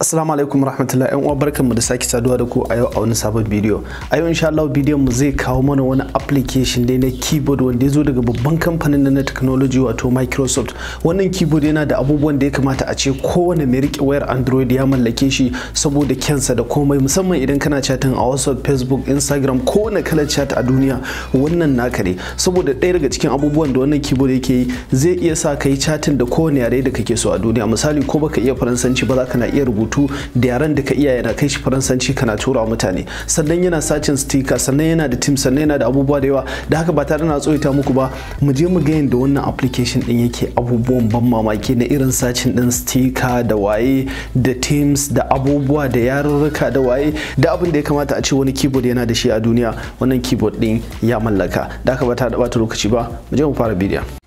Assalamu alaikum rahmatullahi ƴan barkanmu da sake saduwa da ku a yau a wani sabon bidiyo. A yau insha Allah bidiyon mu zai kawo mana wani application dai na keyboard wanda ya zo daga babban kamfanin na technology wato Microsoft. Wannan keyboard yana da abubuwan da ya kamata a ce kowane mai rike wayar Android ya mallake shi saboda kyansa da komai musamman idan kana chatting a WhatsApp, Facebook, Instagram ko wani kalar chat a duniya wannan naka ne saboda ɗaya daga cikin abubuwan da wannan keyboard yake yi zai iya sa ka yi chatting da kowane yare da kake so a duniya misali ko baka iya faransanci ba za ka na iya rubutu rubutu da yaran da ka iya yana kai shi faransanci kana tura mutane sannan yana sacin stika sannan yana da tim sannan yana da abubuwa da yawa da haka ba tare na tsoita muku ba mu je mu ga yadda wannan application din yake abubuwan ban mamaki na irin sacin din stika da waye da teams da abubuwa da yarurruka da waye da abin da ya kamata a ce wani keyboard yana da shi a duniya wannan keyboard din ya mallaka da haka ba ta da lokaci ba mu je mu fara bidiyon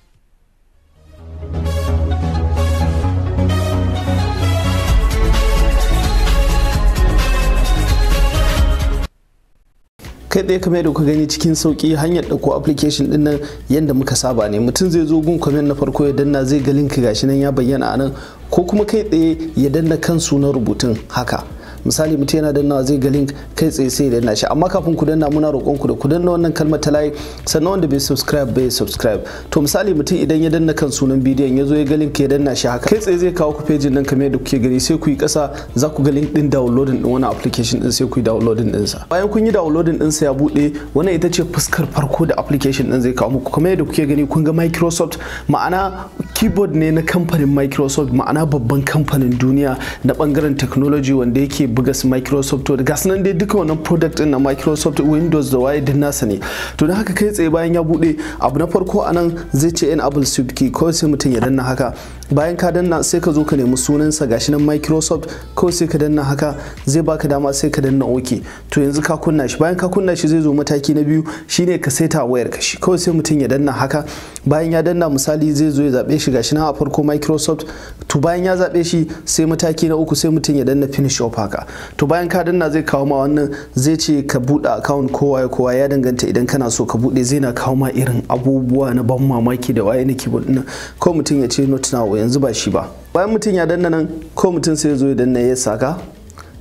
kai tsaye kamar yadda kuka gani cikin sauki hanyar ɗauko application ɗin nan yadda muka saba ne mutum zai zo gun comment na farko ya danna zai ga link gashi nan ya bayyana a nan ko kuma kai tsaye ya danna kan sunan rubutun haka misali mutum yana dannawa zai ga link kai tsaye sai ya danna shi amma kafin ku danna muna roƙon ku da ku danna wannan kalmar ta like sannan wanda bai subscribe bai subscribe to misali mutum idan ya danna kan sunan bidiyon ya zo ya ga link ya danna shi haka kai tsaye zai kawo ku pejin nan kamar yadda kuke gani sai ku yi ƙasa za ku ga link din downloading din wani application din sai ku yi downloading din sa bayan kun yi downloading din sa ya bude wannan ita ce fuskar farko da application din zai kawo muku kamar yadda kuke gani kun ga Microsoft ma'ana keyboard ne na kamfanin Microsoft ma'ana babban kamfanin duniya na bangaren technology wanda yake buga su microsoft to gasu nan dai duka wannan product din na microsoft windows da waye din nasa ne to da haka kai tsaye bayan ya bude abu na farko anan zai ce enable swift key ko sai mutum ya danna haka bayan ka danna sai ka zo ka nemi sunansa gashi nan microsoft kawai sai ka danna haka zai baka dama sai ka danna ok to yanzu ka kunna shi bayan ka kunna shi zai zo mataki na biyu shine ka saita wayar ka shi kawai sai mutum ya danna haka bayan ya danna misali zai zo ya zabe shi gashi nan a farko microsoft to bayan ya zabe shi sai mataki na uku sai mutum ya danna finish up haka to bayan ka danna zai kawo ma wannan zai ce ka buɗe account kowa ya kowa ya danganta idan kana so ka buɗe zai na kawo ma irin abubuwa na ban mamaki da waye na keyboard ɗin kawai mutum ya ce not now yanzu ba shi ba bayan mutum ya danna nan ko mutum sai ya zo ya danna ya saka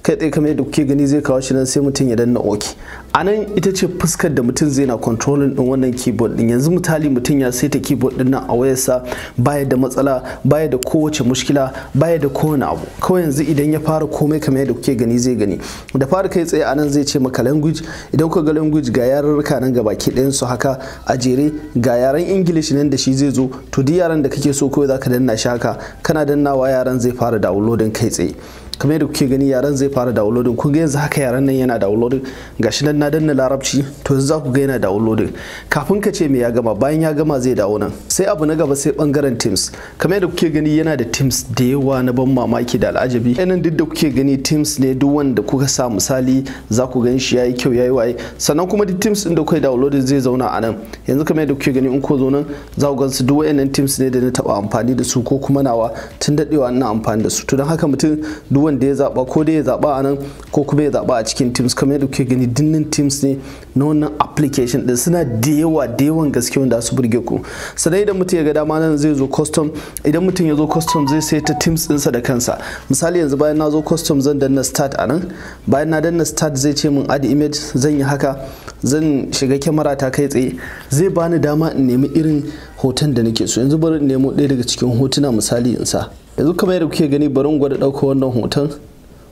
kai tsaye kamar yadda kuke gani zai kawo shi nan sai mutum ya danna ok a nan ita ce fuskar da mutum zai na controlling din wannan keyboard din yanzu misali mutum ya saita keyboard din nan a wayarsa baya da matsala baya da kowace mushkila baya da kowane abu kawai yanzu idan ya fara komai kamar yadda kuke gani zai gani da fara kai tsaye a nan zai ce maka language idan kuka ga language ga yarurruka nan ke ɗayan su haka a jere ga yaran english nan da shi zai zo to duk yaran da kake so kawai zaka danna shi haka kana dannawa yaran zai fara downloading kai tsaye kamar yadda kuke gani yaran zai fara downloading kun ga yanzu haka yaran nan yana downloading gashi nan na danna larabci to yanzu za ku ga yana downloading kafin ka ce me ya gama bayan ya gama zai dawo nan sai abu na gaba sai bangaren teams kamar yadda kuke gani yana da teams da yawa na ban mamaki da al'ajabi nan duk da kuke gani teams ne duk wanda kuka sa misali za ku gan shi yayi kyau yayi waye sannan kuma duk teams din da kuka downloading zai zauna a nan yanzu kamar yadda kuke gani in ko zo nan za ku gan su duk wayannan teams ne da na taba amfani da su ko kuma nawa tun dadewa ina amfani da su to don haka mutum duk wanda ya zaba ko dai ya zaba a nan ko kuma ya zaba a cikin teams kamar yadda kuke gani dinnin teams ne na wannan application din suna da yawa da yawan gaske wanda su burge ku sanai idan mutum ya ga dama nan zai zo custom idan mutum ya zo custom zai sai ta teams dinsa da kansa misali yanzu bayan na zo custom zan danna start a nan bayan na danna start zai ce min add image zan yi haka zan shiga kyamara ta kai tsaye zai bani dama in nemi irin hoton da nake so yanzu bari in nemo ɗaya daga cikin hotuna misali in sa yanzu kamar yadda kuke gani bari in gwada ɗauka wannan hoton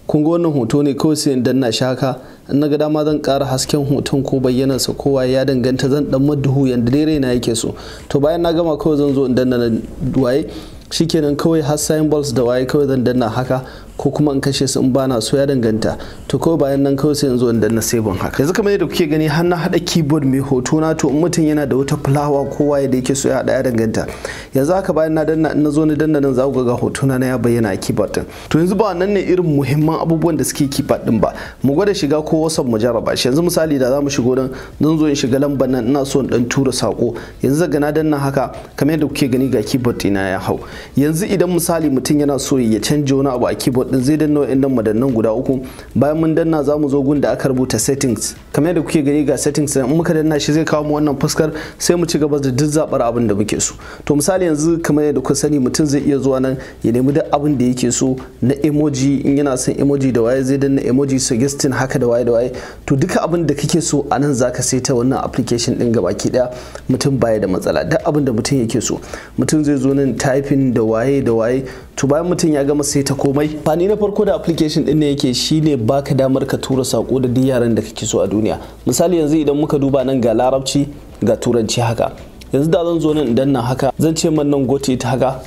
kun ga wannan hoto ne kawai sai in danna shi haka in na ga dama zan ƙara hasken hoton ko bayyanansa kowa ya danganta zan dan madduhu yanda dai na yake so to bayan na gama kawai zan zo in danna waye shikenan kawai har sign balls da waye kawai zan danna haka ko kuma in kashe su in bana so ya danganta to kawai bayan nan kawai sai in zo in danna sabon haka yanzu kamar yadda kuke gani har na hada keyboard mai hoto na to in mutum yana da wata fulawa kowa ya da yake so ya haɗa ya danganta yanzu haka bayan na danna in na zo ni danna nan za ku ga hoto na ya bayyana a keyboard din to yanzu ba nan ne irin muhimman abubuwan da suke keyboard din ba mu gwada shiga ko wasan mu jarraba shi yanzu misali da za mu shigo nan zan zo in shiga lambar nan ina so in dan tura sako yanzu daga na danna haka kamar yadda kuke gani ga keyboard dina ya hau yanzu idan misali mutum yana so ya canja wani abu a keyboard din zai danna wa'annan madannan guda uku bayan mun danna za mu zo gun da aka rubuta settings kamar yadda kuke gani ga settings in muka danna shi zai kawo mu wannan fuskar sai mu ci gaba da duk zabar abin da muke so to misali yanzu kamar yadda kuka sani mutum zai iya zuwa nan ya nemi duk abin da yake so na emoji in yana son emoji da waye zai danna emoji suggesting haka da waye da waye to duka abin da kake so a nan zaka sai ta wannan application din gabaki daya mutum baya da matsala duk abin da mutum yake so mutum zai zo nan typing da waye da waye to bayan mutum ya gama sai ta komai fani na farko da application din ne yake shine baka damar ka tura sako da duk yaran da kake so a duniya misali yanzu idan muka duba nan ga larabci ga turanci haka yanzu da zan zo nan idan na haka zan ce man nan gote ta haka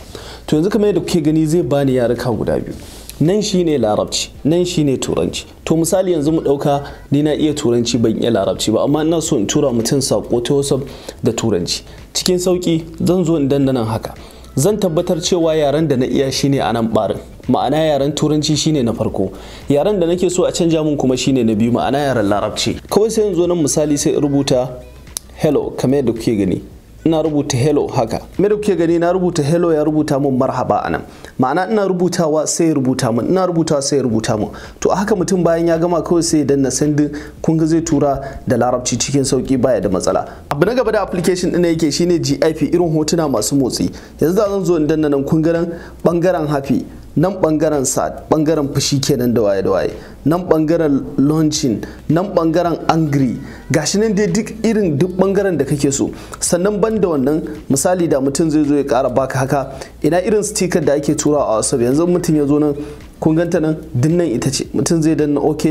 to yanzu kamar yadda kuke gani zai bani yaruka guda biyu nan shine larabci nan shine turanci to misali yanzu mu dauka ni na iya turanci ban iya larabci ba amma ina so in tura mutum sako ta whatsapp da turanci cikin sauki zan zo in dandanan haka zan tabbatar cewa yaren da na iya shine a nan barin ma'ana yaren turanci shine na farko yaren da nake so a canja mun kuma shine na biyu ma'ana yaren larabci kawai sai yanzu nan misali sai rubuta hello kamar yadda kuke gani ina rubuta hello haka me da kuke gani na rubuta hello ya rubuta mun marhaba anan ma'ana ina rubutawa sai ya rubuta mun ina rubutawa sai ya rubuta mun to a haka mutum bayan ya gama kawai sai danna sandin kun ga zai tura da larabci cikin sauki baya da matsala abu na gaba da application din yake shine GIF irin hotuna masu motsi yanzu zan zo in danna nan kun ga bangaren happy nan bangaren sad bangaren fushi kenan da waye da waye nan bangaren launching nan bangaren angry gashi nan dai duk irin duk bangaren da kake so sannan banda wannan misali da mutum zai zo ya kara baka haka ina irin sticker da ake turawa a wasu yanzu mutum ya zo nan kun ganta nan dinnan ita ce mutum zai danna ok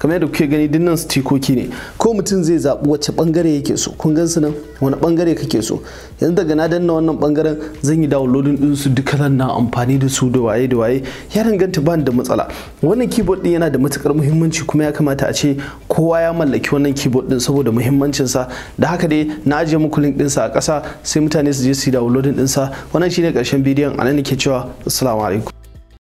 kamar yadda kuke gani dinnan su tikoki ne ko mutum zai zaɓi wacce bangare yake so kun gansu nan wani ɓangare kake so yanzu daga na danna wannan bangaren zan yi downloading din su duka zan na amfani da su da waye da waye ya danganta ba da matsala wannan keyboard din yana da matukar muhimmanci kuma ya kamata a ce kowa ya mallaki wannan keyboard din saboda muhimmancin sa da haka dai na ajiye muku link sa a ƙasa sai mutane su je su yi downloading sa wannan shine karshen bidiyon a nan nake cewa assalamu alaikum